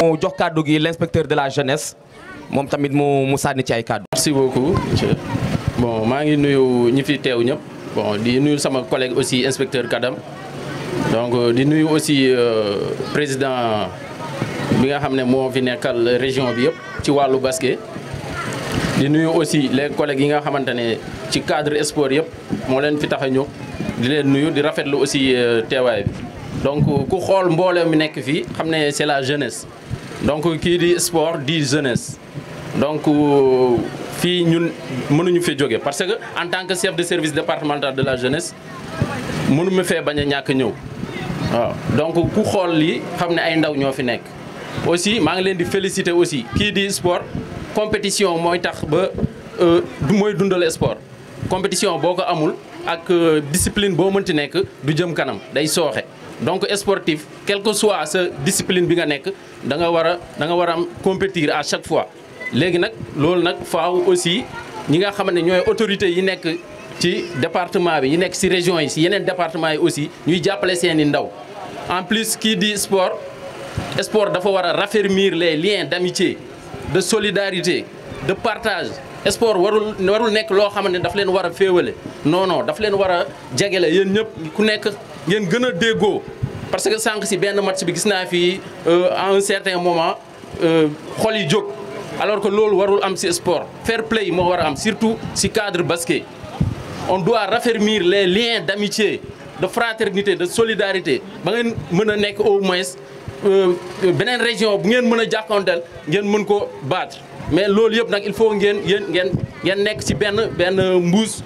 Bonjour jox l'inspecteur de la jeunesse moom tamit mu mu sànni merci beaucoup bon mangi nuyu ñi fi bon di nuyu sama collègue aussi inspecteur Kadam donc euh, di nuyu aussi euh, président bi nga xamné mo fi nekkal région bi yëpp ci walu basket di nuyu aussi les collègues yi nga xamante ci cadre sport yëpp moo les fi di aussi euh, teewaay bi donc ku plus important mi nekk c'est la jeunesse donc qui dit sport dit jeunesse donc euh, fii ñun mënuñu fi jóge parce que en tant que chef de service départemental de la jeunesse nous ma fee bañ a donc ku plus important, c'est que ay ndaw ñoo aussi je ngi leen féliciter aussi qui dit sport compétition moy tax ba euh, moy dundal sport compétition boko amul ak euh, discipline bo meunti nek du jëm kanam day soxé donc sportif quel que soit sa discipline bi nga nek da nga wara da nga wara compétir à chaque fois légui nak lool nak faaw aussi ñi nga xam ñoy autorité yi nek ci département bi yi nek ci région yi ci yenen département yi aussi ñuy jappalé seeni ndaw en plus qui di sport sport dafa war a raffermir les liens d'amitié de solidarité de partage sport warul warul nek loo xamante ne daf leen war a non non daf leen war a jegele yéen ñëpp ku d'égo. parce que sànq si benn match bi gis fi, euh, à un certain moment euh, xol yi alors que loolu warul am si sport fair play mo wara am surtout si cadre basket on doit raffermir les liens d'amitié de fraternité de solidarité ba ngeen mën a au moins Euh, euh, benen région bu ngeen mën a ngeen mën ko battre mais lool yëpp nak il faut ngeen ngeen ngeen nek ci ben ben mbuus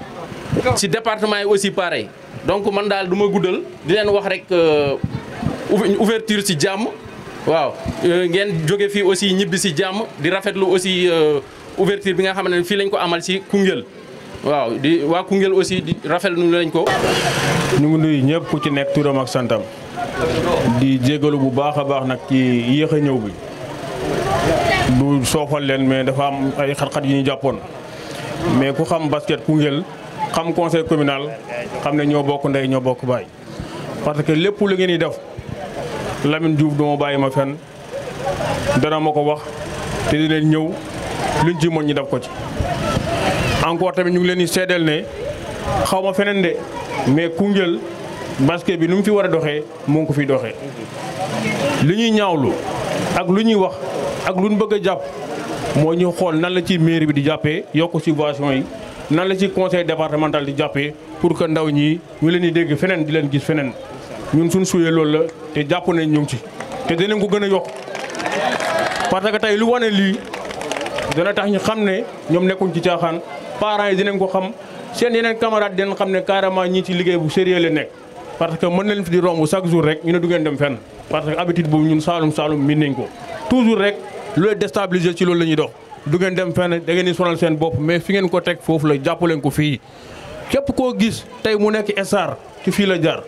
ci département yi aussi pareil donc man dal duma guddal di len wax rek euh, ouverture ci jàmm waaw ngeen jóge fi aussi ñibbi ci jàmm di rafetlu aussi ouverture bi nga xam fi lañ ko amal ci kungel waaw di wa kungel aussi di rafetlu lañ ko. ñu ngi nuyu ñëpp ku ci nek turam ak santam. di jégalu bu baax a baax nag ci yéex a ñëw bi du soofal leen mais dafa am ay xat-xat yi ñu jàppoon mais ku xam basket Koungheul xam conseil communal xam ne ñoo bokk ndey ñoo bokk baay parce que lépp lu ngeen di def Lamine Diouf duma bàyyi ma fen dana ma ko wax te di leen ñëw luñ ci mën ñu def ko ci encore tamit ñu ngi leen di seedeel ne xaw ma feneen de mais Koungheul basket bi nu mu fi war a doxee mu ngi ko fi doxee lu ñuy ñaawlu ak lu ñuy wax ak lu ñu bëgg a jàpp moo ñu xool nan la ci mairie bi di jàppee yokk subvention yi nan la ci conseil départemental di jàppee pour que ndaw ñi ñu leen di dégg feneen di leen gis feneen ñun suñ suyee loolu la te jàpp nañ ñu ci te danañ ko gën a yokk parce que tey lu wane lii dana tax ñu xam ne ñoom nekkuñ ci caaxaan parents yi dinañ ko xam seen yeneen camarades dinañ xam ne carrément ñii ci liggéey bu sérieux la nekk. parce que mën na leen fi di romb chaque jour rek ñu ne du ngeen dem fenn parce que habitude boobu ñun Saalum Saalum miin nañ ko toujours rek looy déstabiliser ci loolu la ñuy dox du ngeen dem fenn da ngeen di sonal seen bopp mais fi ngeen ko teg foofu la jàppaleen ko fii képp koo gis tey mu nekk SR ci fii la jar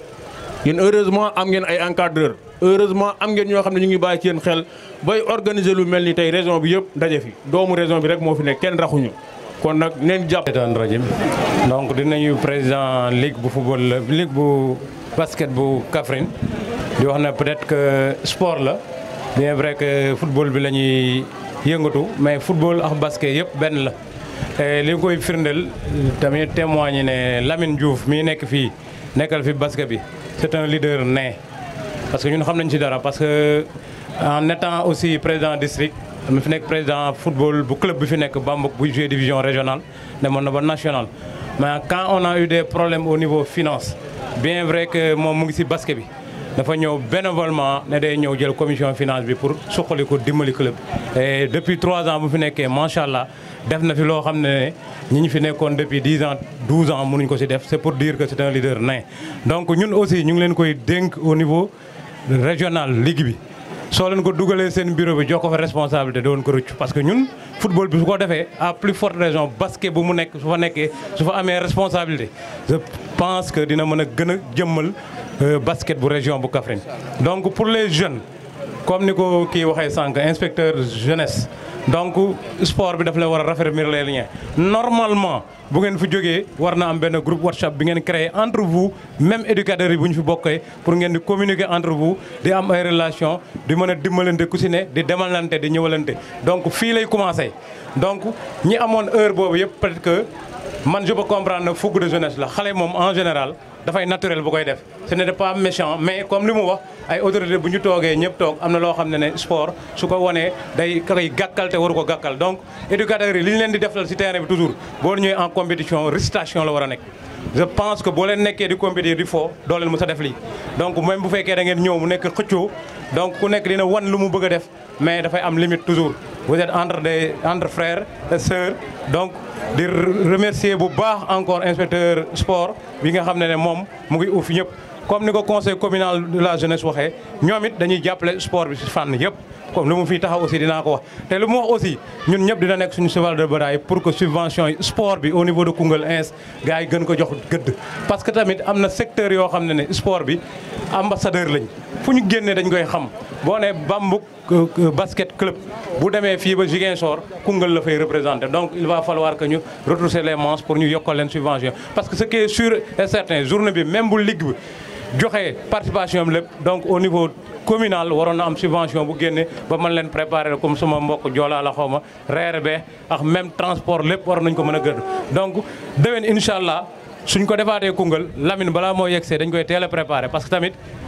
yéen heureusement am ngeen ay encadreur heureusement am ngeen ñoo xam ne ñu ngi bàyyi ci yéen xel bay organiser lu mel ni tey région bi yëpp ndaje fi doomu région bi rek moo fi nekk kenn raxuñu kon nag neen jàpp. donc dinañu président ligue bu football ligue bu. basket bu kafrin di wax peut-être que sport la bien vrai que football bi lañuy yëngatu mais football ak basket yëpp ben la. li koy firndel tamit témoigné ne Lamine Diouf mi nek fi nekkal fi basket bi c'est un leader né parce que ñun xam nañ ci dara parce que en étant aussi président district. je fi un président football du club bi fi nek bambou bu jouer division régionale demoon na ba national mais quand on a eu des problèmes au niveau finance bien vrai que je suis ngi si basket bi dafa bénévolement nous day jël commission de finances pour suqali le dimbali club et depuis trois ans nous fi nekkee macha allah def na fi depuis 10 ans 12 ans mënuñ ko si pour dire que c'est un leader nain donc nous aussi nous ngi koy au niveau régional ligue bi. soo leen ko dugalee seen bureau bi jox ko fa responsabilité doon ko rëccu parce que ñun football bi su ko defee à plus forte raison basket bu mu nekk su fa nekkee su fa amee responsabilité je pense que dina mën a gën a jëmmal euh, basket bu région bu Kaffrine donc pour les jeunes comme ni ko kii waxee sànq inspecteur jeunesse donc sport bi daf la war a raffermir les liens normalement bu ngeen fi jógee war na am benn groupe whatsapp bi ngeen créé entre vous même éducateurs yi bu ñu fi bokkee pour ngeen di communiquer entre vous di am ay relation di mën a dimbalante ku di demalante di ñëwalante donc fii lay commencé donc ñi amoon heure boobu yëpp peut que man je peux comprendre na fougue de jeunesse la xale moom en général dafay naturel bu koy def ce n'est pas méchant mais comme limu wax ay autorité bu ñu toogee ñëpp toog am na loo xam sport su ko wanee day kay gakkal té waru ko gakkal donc éducateurs yi li ñu leen di defal ci terrain bi toujours bo ñëwee en compétition récitation la wara nek je pense que bo leen nekkee di compétir di fo doo leen mës def li donc même bu féké da ngeen ñëw mu nek xëccu donc ku nek dina wan lu mu bëgg def mais dafay am limite toujours vous êtes entre frères et sœurs donc je remercier beaucoup encore l'inspecteur sport qui nga fait un ne comme le conseil communal de la jeunesse nous avons fait le sport comme le mu fii aussi dina ko wax te lu wax aussi ñun ñep dina nek suñu cheval de bataille pour que subvention du sport bi au niveau de Kungel ins gars yi gën ko jox gëdd parce que tamit amna un secteur yo xamné né sport bi ambassadeur lañ fuñu génné dañ koy xam bo un bambou euh, euh, basket club bu démé fi ba Ziguinchor Kungel la fay représenter donc il va falloir que ñu retrousser les manches pour ñu ayons une subvention parce que ce qui est sûr et certain journée bi même bu ligue bi joxé participation am lépp donc au niveau communal waroon na am subvention bu génne ba mën leen préparer comme suma mbokk joolaa la xaw ma reer be ak même transport lépp war nañ ko mën a gëdd donc déwén incha allah suñ ko defaatee Koungheul Lamine balaa moo yegsee dañ koy teel a préparer parce que tamit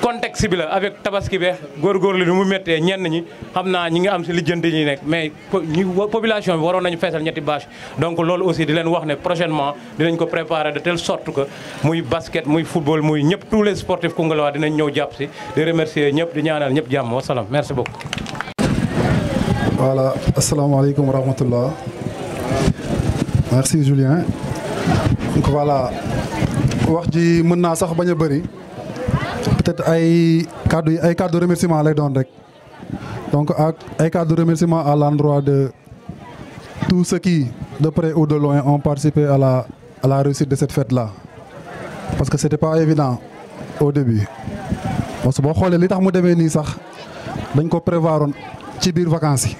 contexte bi la avec tabaski beex góorgóorlu ni mu méttee ñenn ñi xam naa ñi ngi am si lijjanti ñi nekk mais ñi population bi waroon nañu feesal ñetti bâche donc loolu aussi di leen wax ne prochainement dinañ ko préparer de telle sorte que muy basket muy football muy ñëpp tous les sportifs Koungheul waa dinañ ñëw jàpp si di remercier ñëpp di ñaanal ñëpp jàmm wasalaam merci beaucoup. voilà asalaamaaleykum wa rahmatullah merci Julien donc voilà wax ji mën naa sax bañ a bëri. peut-être ay kàddu ay de remerciement lay l'aide. donc à cadeau de remerciement à l'endroit de tous ceux qui de près ou de loin ont participé à la réussite de cette fête là parce que c'était pas évident au début parce que boo xoolee li tax mu sax dañ ko prévoir une ci vacances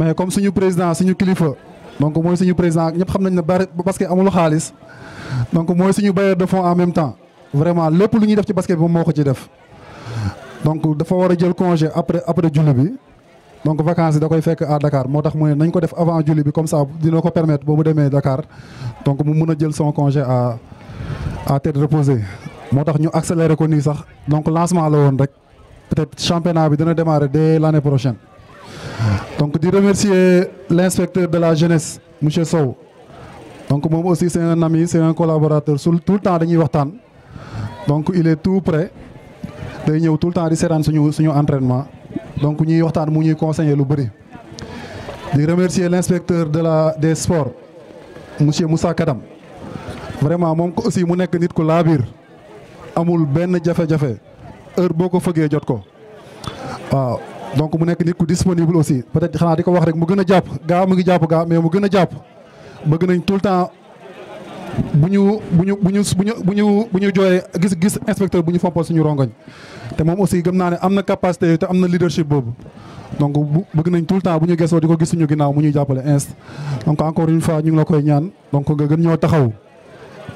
mais comme suñu président suñu Khalifa, donc moi suñu président ñëpp xam nañ ne a parce que amul xaalis donc moi suñu bailleur de fonds en même temps vraiment le lu ñuy def ci basket bi moko ci def donc dafa faut jël congé après après julli bi donc vacances c'est da koy fait à Dakar motax mo mu nañ ko def avant julli bi comme ça dina ko permettre bo mu démé Dakar donc mu mun jël son congé à à tête reposée motax ñu accélérer ko ni sax donc lancement la won rek peut-être championnat bi dina démarrer dès l'année prochaine. donc di remercier l'inspecteur de la jeunesse monsieur Sow donc moi aussi c'est un ami c'est un collaborateur tout le temps dañuy waxtaan donc il est tout prêt day est tout le temps di sétane suñu suñu entraînement donc ñuy waxtaan mu ñuy conseiller lu di remercier l'inspecteur de la des sports monsieur Moussa Kadam vraiment aussi mu nit amul Ben jafé jafé heure boko que jot ko donc mu disponible aussi peut-être wax rek mu mu ngi mais mu tout temps. bu ñu bu ñu bu ñu bu ñu bu ñu bu jooyee gis gis inspecteur bu ñu fompal suñu rongoñ te moom aussi gëm naa ne am na capacité te am na leadership boobu donc bëgg nañ tout le temps bu ñu gesoo di ko gis suñu ginnaaw mu ñuy jàppale inst donc encore une fois ñu ngi la koy ñaan donc nga gën ñoo taxaw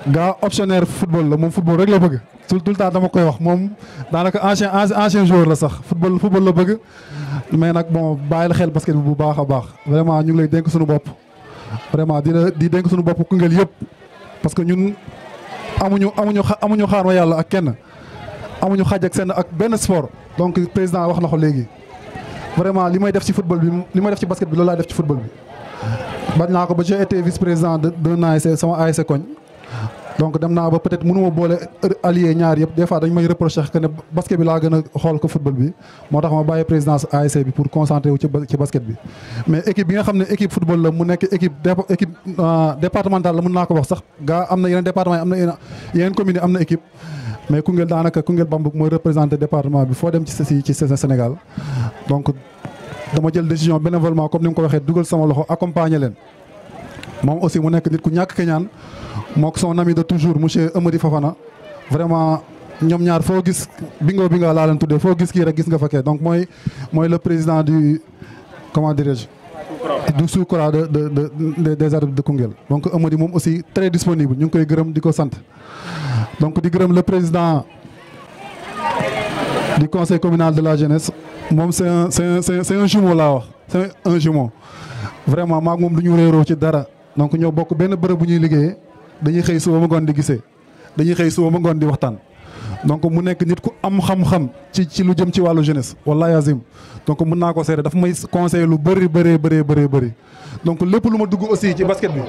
gaa optionnaire football la moom football rek la bëgg tout tout le dama koy wax moom daanaka ancien ancien joueur la sax football football la bëgg mais nag bon bàyyil xel basket bi bu baax a baax vraiment ñu ngi lay dénk suñu bopp vraiment di di dénk suñu bopp Koungheul yëpp parce que ñun amuñu amuñu amuñu xaar ma yàlla ak kenn amuñu xaaj ak seen ak benn sport donc président wax na ko léegi vraiment li may def ci football bi li may def ci basket bi loolu laay def ci football bi. bañ naa ko ba j'ai été vice président de d'un ASC sama ASC koñ donc dem naa ba peut-être mënuma boole allié ñaar yëpp des fois dañ may reproché que ne basket bi laa gën a xool ko football bi moo tax ma bàyyi présidence ASC bi pour concentrer wu ci basket bi. mais équipe bi nga xam ne équipe football la mu nekk équipe équipe euh, la mën naa ko wax sax gaa am na yeneen département yi am na yeneen communes yi am na équipe. mais Koungheul mooy représenté département bi foo dem ci si ci Sénégal donc dama jël décision bénévolement comme ni nga ko waxee dugal sama loxo accompagner leen moom aussi mu nekk nit ku ñàkk keñaan Moi, son ami de toujours monsieur Amadi Fofana vraiment ñoom ñaar foo gis bingo bingo laa leen de foo gis est rek gis nga donc moi, moi le président du comment dirais-je du sous de de de des arbres de Koungheul donc Amadi, moi aussi très disponible ñu sommes koy gërëm di ko donc di gërëm le président du conseil communal de la jeunesse moom c'est un c'est un jumeau là. c'est un jumeau vraiment ma moom du ñu ci dara donc ñoo bokk benn bërëb bu ñuy dañuy xëy suba ba ngoon di gisee dañuy xëy suba ba ngoon di waxtaan donc mu nekk nit ku am xam-xam ci ci lu jëm ci wàllu jeunesse wallahi azim donc mën naa ko seede dafa may conseil lu bëri bëree bëree bëree bëri donc lépp lu ma dugg aussi ci basket bi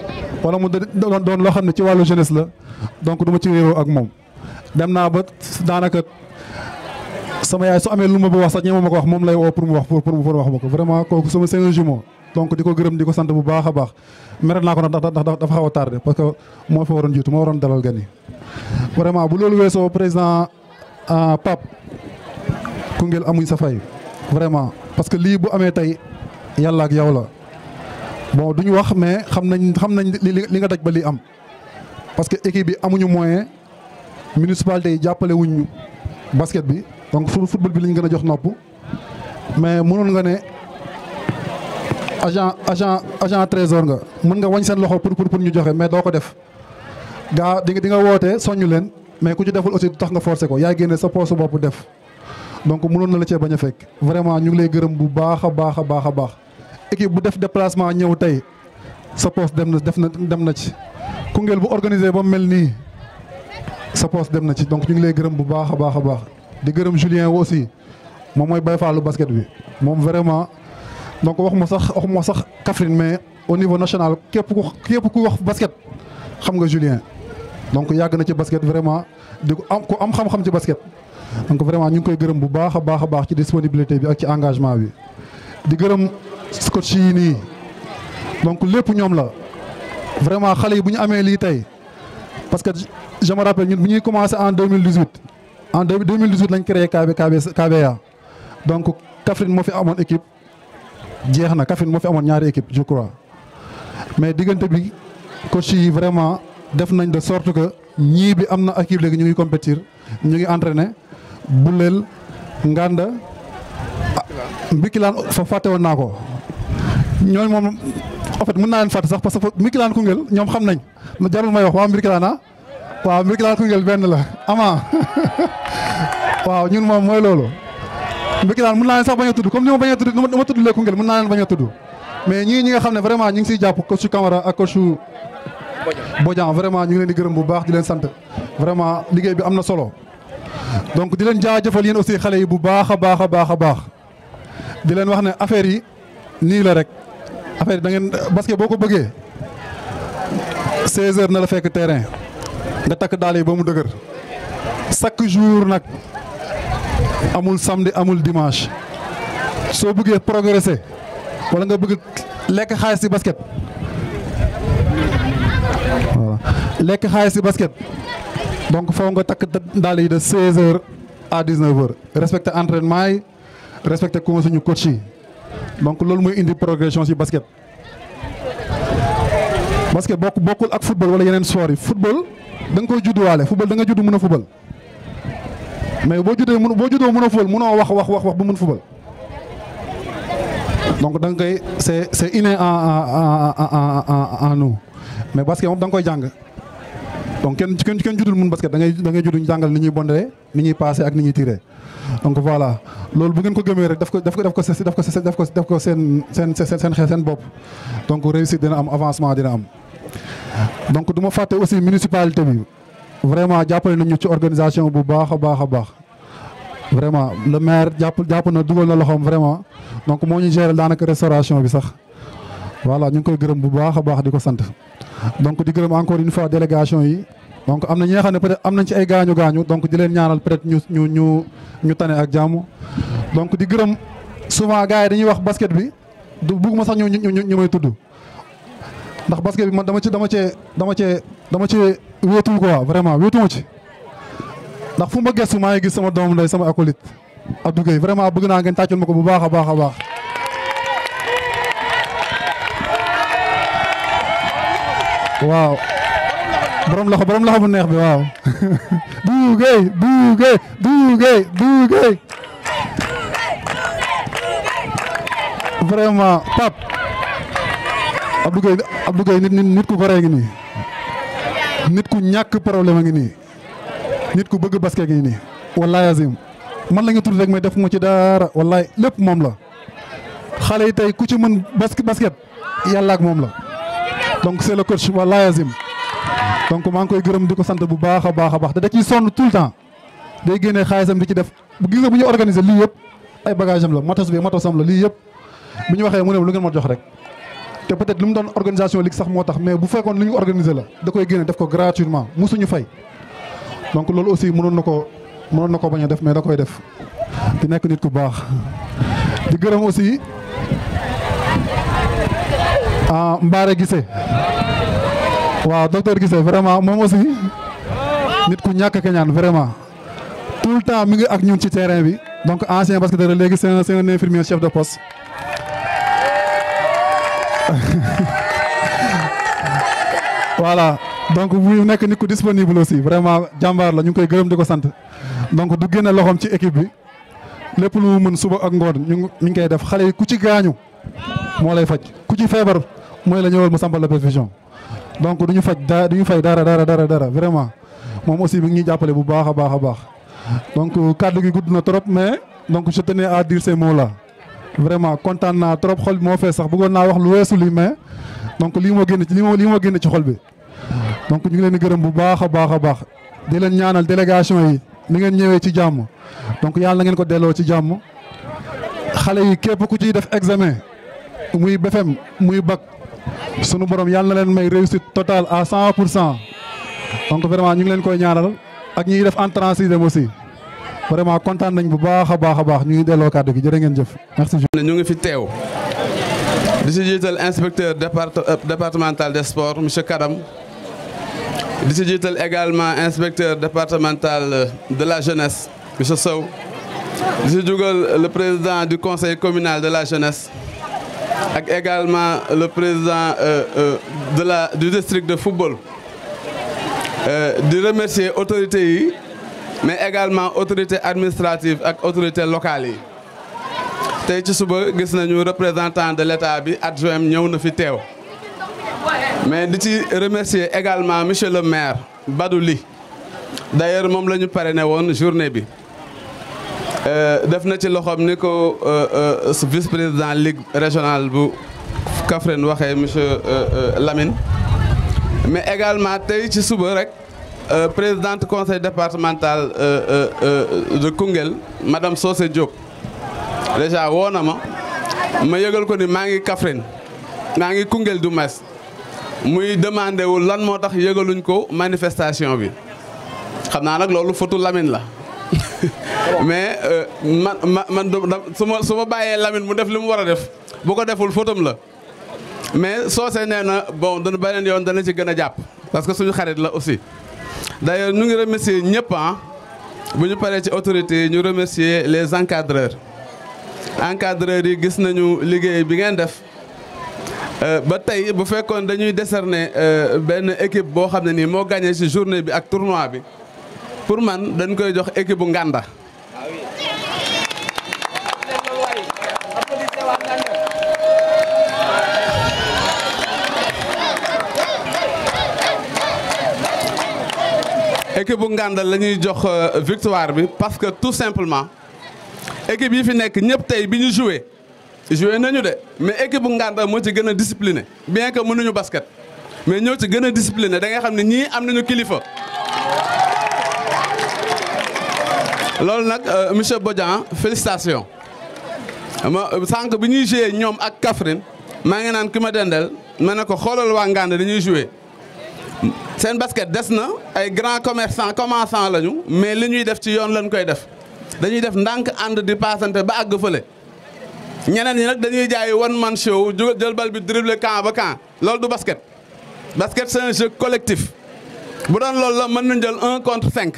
wala mu doon doon loo xam ne ci wàllu jeunesse la donc du ma ci ak moom dem naa ba daanaka sama yaay su amee lu ma ba wax sax ñeema ma wax moom lay woo pour mu wax pour pour wax ma ko vraiment kooku sama seen jumeau donc di ko gërëm di ko sant bu baax baax meret naa ko nag ndax dafa xaw a tardé parce que moo fa waroon jiitu moo waroon dalal gan yi vraiment bu loolu weesoo président euh, Pape Koungheul amuñ sa fay vraiment parce que lii bu amee tey yàlla ak yow la bon duñu wax mais xam nañ xam nañ li nga daj ba lii am parce que équipe bi amuñu moyen municipalité yi jàppale wuñ ñu basket bi donc suñu football bi lañ gën a jox nopp mais mënoon nga ne. agent agent agent trésor nga mën nga wagn sen loxo pour pour pour ñu joxe mais doko def ga di di nga woté soñu len mais ku ci deful aussi tax nga forcer ko yaa génne sa poste bopp def donc mënon na la ci baña fek vraiment ñu ngi lay gërëm bu baaxa baaxa baaxa baax équipe bu def déplacement ñew tay sa poste dem na def na dem na ci ku ngeel bu organisé ba mel nii sa poste dem na ci donc ñu ngi lay gërëm bu baaxa baaxa baax di gërëm Julien aussi mom moy Baye Fallou basket bi mom vraiment donc waxuma sax waxuma sax Kaffrine mais au niveau national képp ku képp ku wax basket xam nga Julien donc yàgg na ci basket vraiment di ko am ku am xam-xam ci basket. donc vraiment ñu ngi koy gërëm bu baax a baax a ci disponibilité bi ak ci engagement bi di gërëm coach yi nii donc lépp ñoom la vraiment xale yi bu ñu amee lii tey parce que je me rappelle ñun bu commencé en 2018 en 2018 lañ créé KB KB KBA donc Kaffrine moo fi amoon équipe. jeex na Kaffrine moo fi amoon ñaari équipe je mais diggante bi coach vraiment def nañ de sorte que ñii bi am na équipe léegi ñu ngi compétir ñu ngi entraîner Boulel Nganda Mbikilaan fa fàtte woon naa ko ñooñu moom en fait mën naa leen fàtte sax parce que Mbikilaan Koungheul ñoom xam nañ jarul may wax ah. waaw Mbikilaan ah Mbikilaan Koungheul benn la ama waaw ñun moom mooy loolu. Mbëkke daal naa leen sax bañ a tudd comme ni ma bañ a tudd ni a mais ñii ñi nga xam ne vraiment ñu ngi siy jàpp coach Camara ak coach Bodian vraiment ñu ngi leen di gërëm bu baax di leen sant vraiment liggéey bi am na solo donc di leen jaajëfal yéen aussi xale yi bu baax a baax baax a baax di leen wax ne affaire yi nii la rek affaire yi da ngeen parce boo ko bëggee 16 heures na la fekk terrain nga takk daal yi ba mu dëgër chaque jour nag. amul samedi amul dimanche soo buggee progresser wala nga bëgg lekk xaalis ci basket lekk xaalis ci basket donc foo nga takk dal yi de 16 heures à 19 heures respecter entraînement yi respecter kuma suñu coach yi donc loolu mooy indi progression ci basket. basket bokk bokkul ak football wala yeneen sport yi football da nga koy judduwaale football da nga judd mën a football. mais boo juddee mun boo juddoo mën a fubal mënoo wax wax wax wax bu mën fubal donc da nga koy c'est c'est inné en en en nous mais basket moom da nga koy jàng donc kenn kenn kenn juddul mun basket da ngay da ngay judd ñu jàngal ni ñuy bondee ni ñuy passé ak ni ñuy tiré donc voilà loolu bu ngeen ko gëmee rek daf ko def ko def ko daf ko daf ko seen seen seen xel seen bopp donc réussite dina am avancement dina am donc du ma fàtte aussi municipalité bi. vraiment jàppale nañu ci organisation bu baax a baax a baax vraiment le maire jàpp jàpp na dugal na loxoom vraiment donc moo ñu gérer daanaka restauration bi sax voilà ñu ngi koy gërëm bu baax a baax di ko sant. donc di gërëm encore une fois délégation yi donc am na ñi nga xam ne peut am nañ ci ay gaañu gaañu donc leen ñaanal peut-être ñu ñu ñu ñu tane ak jàmm donc di gërëm souvent gars yi dañuy wax basket bi du bugguma sax ñu ñu ñu may tudd ndax basket bi man dama ci dama cee dama cee ko quoi vraiment wéetu ci ndax fu ma gestu maa ngi gis sama doom ndey sama acolyte Abdou Gueye vraiment bëgg naa ngeen tàccul ma ko bu baax a baax a baax. waaw borom loxo borom loxo bu neex bi waaw. Doudou Gueye Doudou Gueye Doudou vraiment Pape Abdou Gueye nit nit ku goree ngi nii. nit ku ñàkk problème a ngi nii nit ku bëgg basket ngi nii wallaay azim man la nga tudd rek mais def mu ci dara wallaay lépp moom la xale yi tey ku ci mën basket basket yàlla ak moom la donc c'est le coach wallaay azim donc maa ngi koy gërëm di ko sant bu baax a baax a baax te da ciy sonn tout temps day génnee xaalisam di ci def bu gis nga bu ñu organiser lii yëpp ay bagage am la matos bi matosam la lii yëpp bu ñu waxee mu ne lu ngeen ma jox rek. peut-être lu mu doon organisation mais bu fekkoon organiser la gratuitement donc loolu aussi mënoon na ko mais def di nit ku di aussi ah, waaw docteur vraiment moom aussi nit ku vraiment tout le temps mi ak ñun terrain donc ancien c'est un infirmier chef de poste voilà donc mu nekk nit ku disponible aussi vraiment jàmbaar la ñu ngi koy gërëm di ko sant donc du génne loxoom ci équipe bi lépp lu mu mën suba ak ngoon ñu ngi ñu ngi koy def xale yi ku ci gaañu moo lay faj ku ci feebar mooy la ñëwal mu sampal la perfusion donc du ñu faj daa du ñu fay dara dara dara dara vraiment moom aussi mi ngi ñuy jàppale bu baax a baax a baax donc kàddu gi gudd na trop mais donc je tenais à dire ces mots là. vraiment kontaan naa trop xol bi moo fees sax bëggoon naa wax lu weesu li mais donc lii moo génn ci lii moo lii moo génn ci xol bi donc ñu ngi leen di gërëm bu baax a baax a baax di leen ñaanal délégation yi ni ngeen ñëwee ci jàmm donc yàlla na ngeen ko delloo ci jàmm xale yi képp ku ciy def examen muy BFEM muy bag sunu borom yàlla na leen may réussite totale à cent pour cent donc vraiment ñu ngi leen koy ñaanal ak ñiy def entrée dem aussi vraiment content nañ bu baax ñu gi jërë jëf merci. ñu ngi fi inspecteur euh, départemental des sports monsieur Karam. di également inspecteur départemental euh, de la jeunesse monsieur Sow di le président du conseil communal de la jeunesse Et également le président euh, de la du district de football Je remercier l'autorité mais également autorité administrative et autorité locale yi nous ci suba nañu de l'état bi adjoint ñëw na fi mais di ci remercier également monsieur le maire Badouli. d'ailleurs nous le parlé de la journée bi euh, def na ci loxoom ni ko euh, euh, vice président ligue régionale bu Kaffrine monsieur Lamine mais également tey ci suba Euh, présidente conseil départemental euh, euh, de Koungheul madame Socé Diop déjà woo na ma ma yëgal ko ni maa ngi Kaffrine maa ngi Koungheul du mas muy demandé wu lan moo tax yëgaluñ ko manifestation bi xam naa nag loolu fotu Lamine la mais ma man man su ma su ma bàyyee Lamine mu def li mu war a def bu ko deful fotam la mais Socé nee na bon dana beneen yoon dana ci gën a jàpp parce que suñu xarit la aussi. d'ailleurs ñu ngi remercier ñëpp ah bu ñu paree ci autorité yi ñu remercier les encadreurs encadreurs yi gis nañu liggéey bi ngeen def euh, ba tey bu fekkoon dañuy décerner euh, benn équipe boo xam ne nii moo gagné ci journée bi ak tournoi bi pour man dañ koy jox équipe bu Nganda. équipe bu Ngàndal la ñuy jox euh, victoire bi parce que tout simplement équipe yi fi nek ñëpp tay biñu jouer, jouer nañu dé mais équipe bu Ngàndal mo ci gëna discipliné bien que mënuñu basket mais ñoo ci gëna discipliné da nga xam ñi ñii am nañu kilifa. lol nak euh, monsieur Bodian félicitations ma euh, sànq bi ñuy joué ak Kaffrine ma nga naan kima ma dendal ma ko xolal wa Ngàndal dañuy jouer sen basket des na ay grand commerçant commençants lañu mais liñuy def ci yoon lañ koy def dañuy def ndank ànd di paasante ba ag fële. ñeneen ñi nak dañuy jaay one man show jël bal bi dribbler camp ba camp loolu du basket basket c'est un jeu collectif bu doon loolu la mën nañ jël 1 contre 5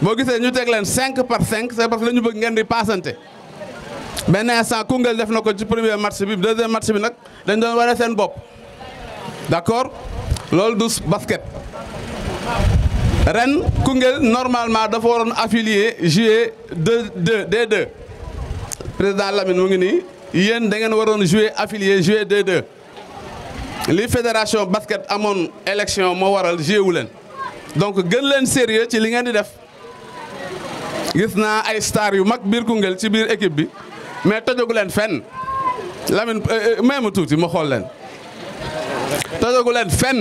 bo gisee ñu teg leen cinq par 5 c'est parce que dañu bëgg ngeen di paasante. ben instant Koungheul def na ko ci premier match bi deuxième match bi nak dañ doon waré sen bop d'accord. Lol du basket ren Kungel normalement dafa won affilié jouer 2 2 des 2 président Lamine mu ngi ni yéen da ngeen waroon jouer affilié jouer 2 2 li fédération basket amone élection mo waral jouer wu donc gën len sérieux ci li ngeen di def gis ay star yu mak bir kungel ci bir équipe bi mais tojagu fenn Lamine euh, euh, même touti ma xool tojagu leen fenn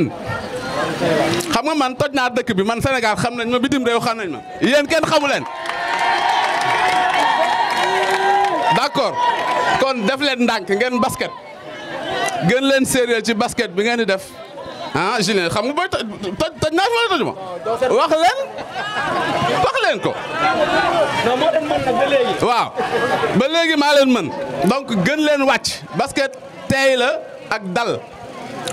xam nga man toj naa dëkk bi man Sénégal xam nañ ma bitim réew xam nañ ma yéen kenn xamu leen d'accord kon def leen ndànk ngeen basket gën leen sérieux ci basket bi ngeen di def ah Julien xam nga booy toj toj naa fi toj ma wax leen wax leen ko. non ba léegi. waaw ba léegi maa leen mën donc gën leen wàcc basket tey la ak dal.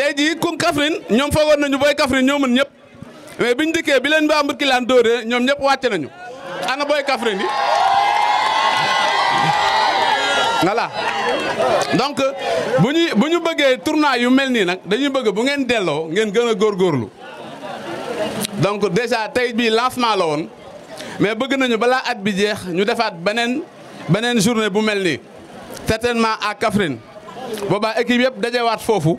tey jii kum Kaffrine ñoom foogoon nañu booy Kaffrine ñoo mën ñëpp mais ñu dikkee bi leen Bamba Kilaan dóoree ñoom ñëpp wàcce nañu ana booy Kaffrine yi voilà donc bu ñu bu ñu bëggee tournoi yu mel nii nag dañuy bëgg bu ngeen delloo ngeen gën a góorgóorlu donc déjà tey bii lancement la woon mais bëgg nañu balaa at bi jeex ñu defaat beneen beneen journée bu mel nii certainement à Kaffrine booba équipe yëpp dajewaat foofu.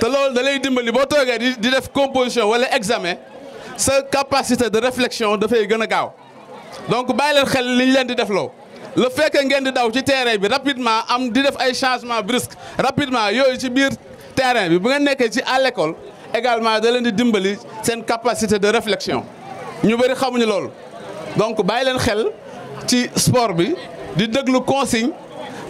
te vous da dimbali ou toogee di composition capacité de réflexion de donc bàyyi leen xel li le fait que ngeen di terrain rapidement am di def changements brusque rapidement yo, ci bir terrain bi bu à l'école également da une capacité de réflexion ñu xamuñu donc leen xel ci sport bi di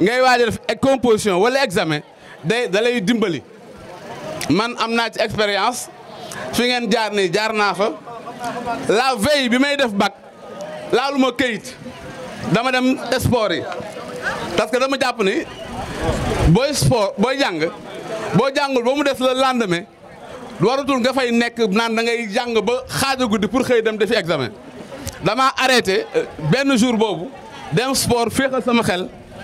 ngay y a def composition wala examen day da lay dimbali man ci expérience fi ngeen jaar ni jaar la veille bi may def bac këyit dama dem sport yi parce que dama jàpp ni sport booy jàng boo jàngul ba mu je le lendemain waratul nga fay nekk naan da ngay jàng ba xaaja guddi pour xëy dem defi examen dama arrêté euh, benn jour boobu dem sport féexal sama xel.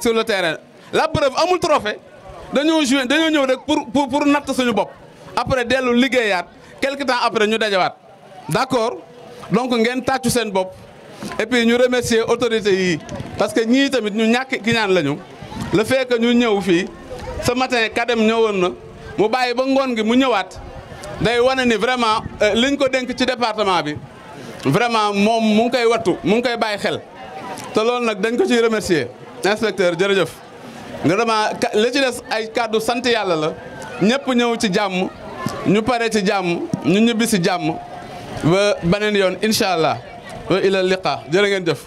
sur le terrain la preuve trophée nous nous pour pour pour après dellu liggéeyaat quelques temps après nous d'accord donc nous tàccu seen bob et puis nous remercions l'autorité, parce que nous sommes ñu ki ñaan le fait que nous ce matin kadem na mu nous ba ngoon gi mu day Nous vraiment euh, département vraiment te loolu nag dañ ko ciy remercier inspecteur jërëjëf vraiment li ay kàddu sant yàlla la ñëpp ñëw ci jàmm ñu pare ci jàmm ñu ñibbi si jàmm ba beneen yoon incha allah wa ila liqa jërë ngeen jëf